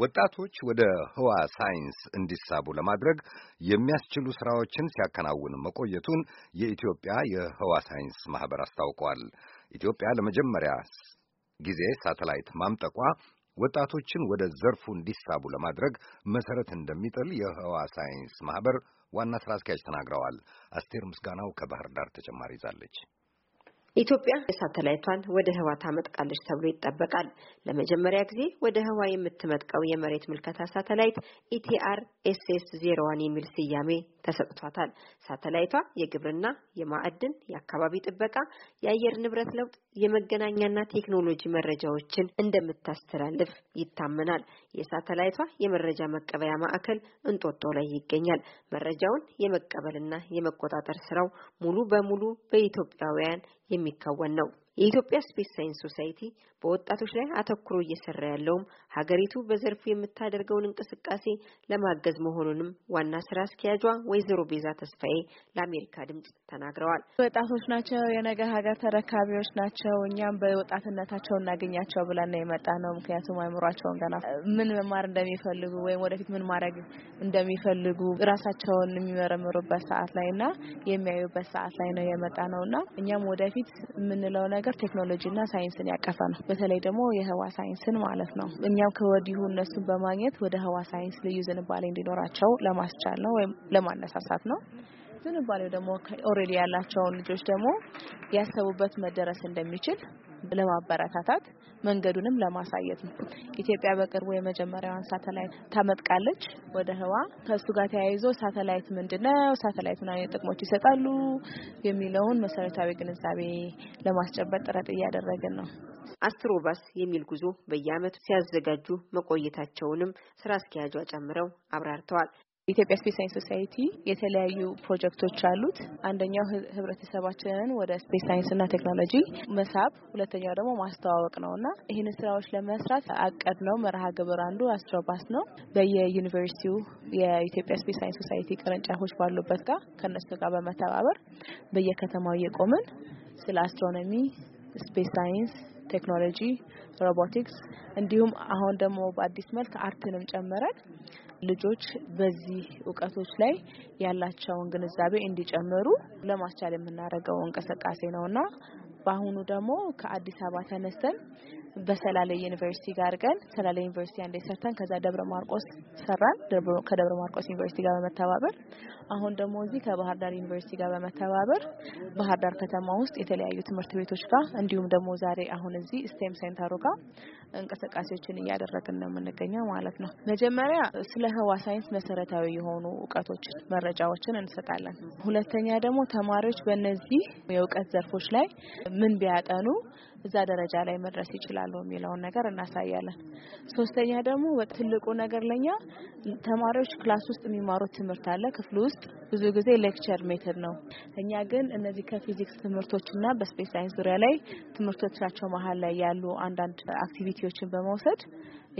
ወጣቶች ወደ ህዋ ሳይንስ እንዲሳቡ ለማድረግ የሚያስችሉ ስራዎችን ሲያከናውን መቆየቱን የኢትዮጵያ የህዋ ሳይንስ ማህበር አስታውቋል። ኢትዮጵያ ለመጀመሪያ ጊዜ ሳተላይት ማምጠቋ ወጣቶችን ወደ ዘርፉ እንዲሳቡ ለማድረግ መሰረት እንደሚጥል የህዋ ሳይንስ ማህበር ዋና ስራ አስኪያጅ ተናግረዋል። አስቴር ምስጋናው ከባህር ዳር ተጨማሪ ይዛለች። ኢትዮጵያ የሳተላይቷን ወደ ህዋ ታመጥቃለች ተብሎ ይጠበቃል። ለመጀመሪያ ጊዜ ወደ ህዋ የምትመጥቀው የመሬት ምልከታ ሳተላይት ኢቲአር ኤስኤስ ዜሮ ዋን የሚል ስያሜ ተሰጥቷታል። ሳተላይቷ የግብርና፣ የማዕድን፣ የአካባቢ ጥበቃ፣ የአየር ንብረት ለውጥ፣ የመገናኛና ቴክኖሎጂ መረጃዎችን እንደምታስተላልፍ ይታመናል። የሳተላይቷ የመረጃ መቀበያ ማዕከል እንጦጦ ላይ ይገኛል። መረጃውን የመቀበልና የመቆጣጠር ስራው ሙሉ በሙሉ በኢትዮጵያውያን የሚከወን ነው። የኢትዮጵያ ስፔስ ሳይንስ ሶሳይቲ በወጣቶች ላይ አተኩሮ እየሰራ ያለውም ሀገሪቱ በዘርፉ የምታደርገውን እንቅስቃሴ ለማገዝ መሆኑንም ዋና ስራ አስኪያጇ ወይዘሮ ቤዛ ተስፋዬ ለአሜሪካ ድምጽ ተናግረዋል። ወጣቶች ናቸው የነገ ሀገር ተረካቢዎች ናቸው። እኛም በወጣትነታቸው እናገኛቸው ብለን ነው የመጣ ነው። ምክንያቱም አይምሯቸውን ገና ምን መማር እንደሚፈልጉ ወይም ወደፊት ምን ማድረግ እንደሚፈልጉ ራሳቸውን የሚመረምሩበት ሰዓት ላይ እና የሚያዩበት ሰዓት ላይ ነው የመጣ ነው እና እኛም ወደፊት የምንለው ነገር ነገር ቴክኖሎጂና ሳይንስን ያቀፈ ነው። በተለይ ደግሞ የህዋ ሳይንስን ማለት ነው። እኛም ከወዲሁ እነሱን በማግኘት ወደ ህዋ ሳይንስ ልዩ ዝንባሌ እንዲኖራቸው ለማስቻል ነው ወይም ለማነሳሳት ነው። ዝንባሌው ደግሞ ኦሬዲ ያላቸውን ልጆች ደግሞ ያሰቡበት መደረስ እንደሚችል ለማበረታታት መንገዱንም ለማሳየት ነው። ኢትዮጵያ በቅርቡ የመጀመሪያዋን ሳተላይት ታመጥቃለች ወደ ህዋ። ከእሱ ጋር ተያይዞ ሳተላይት ምንድነው፣ ሳተላይት ምን አይነት ጥቅሞች ይሰጣሉ የሚለውን መሰረታዊ ግንዛቤ ለማስጨበጥ ጥረት እያደረግን ነው። አስትሮባስ የሚል ጉዞ በየአመቱ ሲያዘጋጁ መቆየታቸውንም ስራ አስኪያጇ ጨምረው አብራርተዋል። ኢትዮጵያ ስፔስ ሳይንስ ሶሳይቲ የተለያዩ ፕሮጀክቶች አሉት። አንደኛው ህብረተሰባችንን ወደ ስፔስ ሳይንስ እና ቴክኖሎጂ መሳብ፣ ሁለተኛው ደግሞ ማስተዋወቅ ነው እና ይህንን ስራዎች ለመስራት አቀድ ነው መርሃ ግብር አንዱ አስትሮባስ ነው። በየዩኒቨርሲቲው የኢትዮጵያ ስፔስ ሳይንስ ሶሳይቲ ቅርንጫፎች ባሉበት ጋር ከእነሱ ጋር በመተባበር በየከተማው እየቆምን ስለ አስትሮኖሚ ስፔስ ሳይንስ ቴክኖሎጂ፣ ሮቦቲክስ እንዲሁም አሁን ደግሞ በአዲስ መልክ አርትንም ጨምረን ልጆች በዚህ እውቀቶች ላይ ያላቸውን ግንዛቤ እንዲጨምሩ ለማስቻል የምናደርገው እንቅስቃሴ ነውና በአሁኑ ደግሞ ከአዲስ አበባ ተነስተን በሰላሌ ዩኒቨርሲቲ ጋር አድርገን ሰላሌ ዩኒቨርሲቲ አንዴ ሰርተን ከዛ ደብረ ማርቆስ ሰራን። ከደብረ ማርቆስ ዩኒቨርሲቲ ጋር በመተባበር አሁን ደግሞ እዚህ ከባህር ዳር ዩኒቨርሲቲ ጋር በመተባበር ባህር ዳር ከተማ ውስጥ የተለያዩ ትምህርት ቤቶች ጋር እንዲሁም ደግሞ ዛሬ አሁን እዚህ ስቴም ሴንተሩ ጋር እንቅስቃሴዎችን እያደረግን ነው የምንገኘው ማለት ነው። መጀመሪያ ስለ ህዋ ሳይንስ መሰረታዊ የሆኑ እውቀቶች መረጃዎችን እንሰጣለን። ሁለተኛ ደግሞ ተማሪዎች በእነዚህ የእውቀት ዘርፎች ላይ ምን ቢያጠኑ እዛ ደረጃ ላይ መድረስ ይችላሉ የሚለውን ነገር እናሳያለን። ሶስተኛ ደግሞ ትልቁ ነገር ለኛ ተማሪዎች ክላስ ውስጥ የሚማሩት ትምህርት አለ። ክፍል ውስጥ ብዙ ጊዜ ሌክቸር ሜተድ ነው። እኛ ግን እነዚህ ከፊዚክስ ትምህርቶችና በስፔስ ሳይንስ ዙሪያ ላይ ትምህርቶቻቸው መሀል ላይ ያሉ አንዳንድ አክቲቪቲ አክቲቪቲዎችን በመውሰድ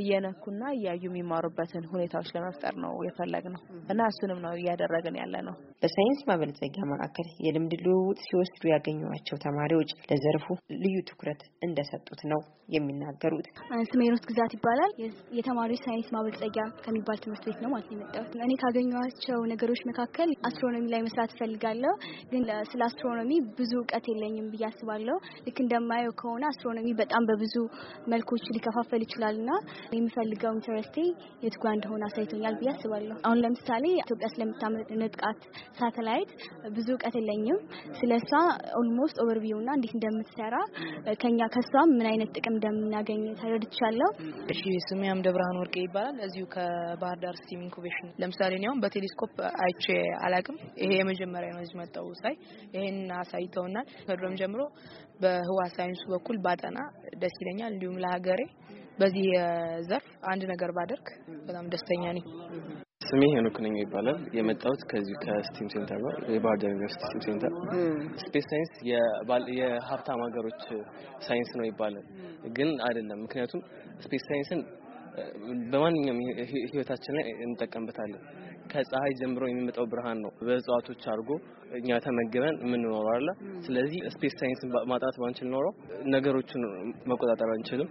እየነኩና እያዩ የሚማሩበትን ሁኔታዎች ለመፍጠር ነው የፈለግ ነው እና እሱንም ነው እያደረግን ያለ ነው። በሳይንስ ማበልጸጊያ ማዕከል የልምድ ልውውጥ ሲወስዱ ያገኟቸው ተማሪዎች ለዘርፉ ልዩ ትኩረት እንደሰጡት ነው የሚናገሩት። ሜኖት ግዛት ይባላል። የተማሪዎች ሳይንስ ማበልጸጊያ ከሚባል ትምህርት ቤት ነው ማለት የመጣሁት። እኔ ካገኘኋቸው ነገሮች መካከል አስትሮኖሚ ላይ መስራት እፈልጋለሁ፣ ግን ስለ አስትሮኖሚ ብዙ እውቀት የለኝም ብዬ አስባለሁ። ልክ እንደማየው ከሆነ አስትሮኖሚ በጣም በብዙ መልኮች ሊከፋፈል ይችላል እና የሚፈልገው ኢንተረስቴ የትጓ እንደሆነ አሳይቶኛል ብዬ አስባለሁ። አሁን ለምሳሌ ኢትዮጵያ ስለምታመነጥቃት ሳተላይት ብዙ እውቀት የለኝም። ስለ እሷ ኦልሞስት ኦቨርቪው እና እንዴት እንደምትሰራ ከኛ ከእሷም ምን አይነት ጥቅም እንደምናገኝ ተረድቻለሁ። እሺ ስሜ አምደ ብርሃን ወርቄ ይባላል። እዚሁ ከባህር ዳር ስቲም ኢንኩቤሽን ለምሳሌ ኒያውም በቴሌስኮፕ አይቼ አላቅም። ይሄ የመጀመሪያ ነው እዚህ መጣሁ ሳይ ይሄን አሳይተውናል። ከድሮም ጀምሮ በህዋ ሳይንሱ በኩል ባጠና ደስ ይለኛል። እንዲሁም ለሀገሬ በዚህ ዘርፍ አንድ ነገር ባደርግ በጣም ደስተኛ ነኝ። ስሜ ሄኖክ ነኝ ይባላል። የመጣሁት ከዚህ ከስቲም ሴንተር ነው፣ የባህር ዳር ዩኒቨርሲቲ ስቲም ሴንተር። ስፔስ ሳይንስ የሀብታም ሀገሮች ሳይንስ ነው ይባላል፣ ግን አይደለም። ምክንያቱም ስፔስ ሳይንስን በማንኛውም ህይወታችን ላይ እንጠቀምበታለን። ከፀሐይ ጀምሮ የሚመጣው ብርሃን ነው በእጽዋቶች አድርጎ እኛ ተመግበን የምንኖረው አለ። ስለዚህ ስፔስ ሳይንስ ማጣት ባንችል ኖረው ነገሮችን መቆጣጠር አንችልም።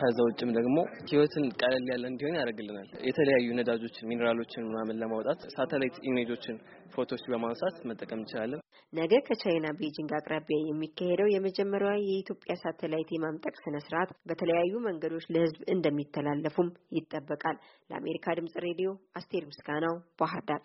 ከዛ ውጭም ደግሞ ህይወትን ቀለል ያለ እንዲሆን ያደርግልናል። የተለያዩ ነዳጆችን፣ ሚኔራሎችን ምናምን ለማውጣት ሳተላይት ኢሜጆችን፣ ፎቶች በማንሳት መጠቀም እንችላለን። ነገ ከቻይና ቤጂንግ አቅራቢያ የሚካሄደው የመጀመሪያ የኢትዮጵያ ሳተላይት የማምጠቅ ስነ ስርዓት በተለያዩ መንገዶች ለህዝብ እንደሚተላለፉም ይጠበቃል። ለአሜሪካ ድምጽ ሬዲዮ አስቴር ምስጋናው ባህር ዳር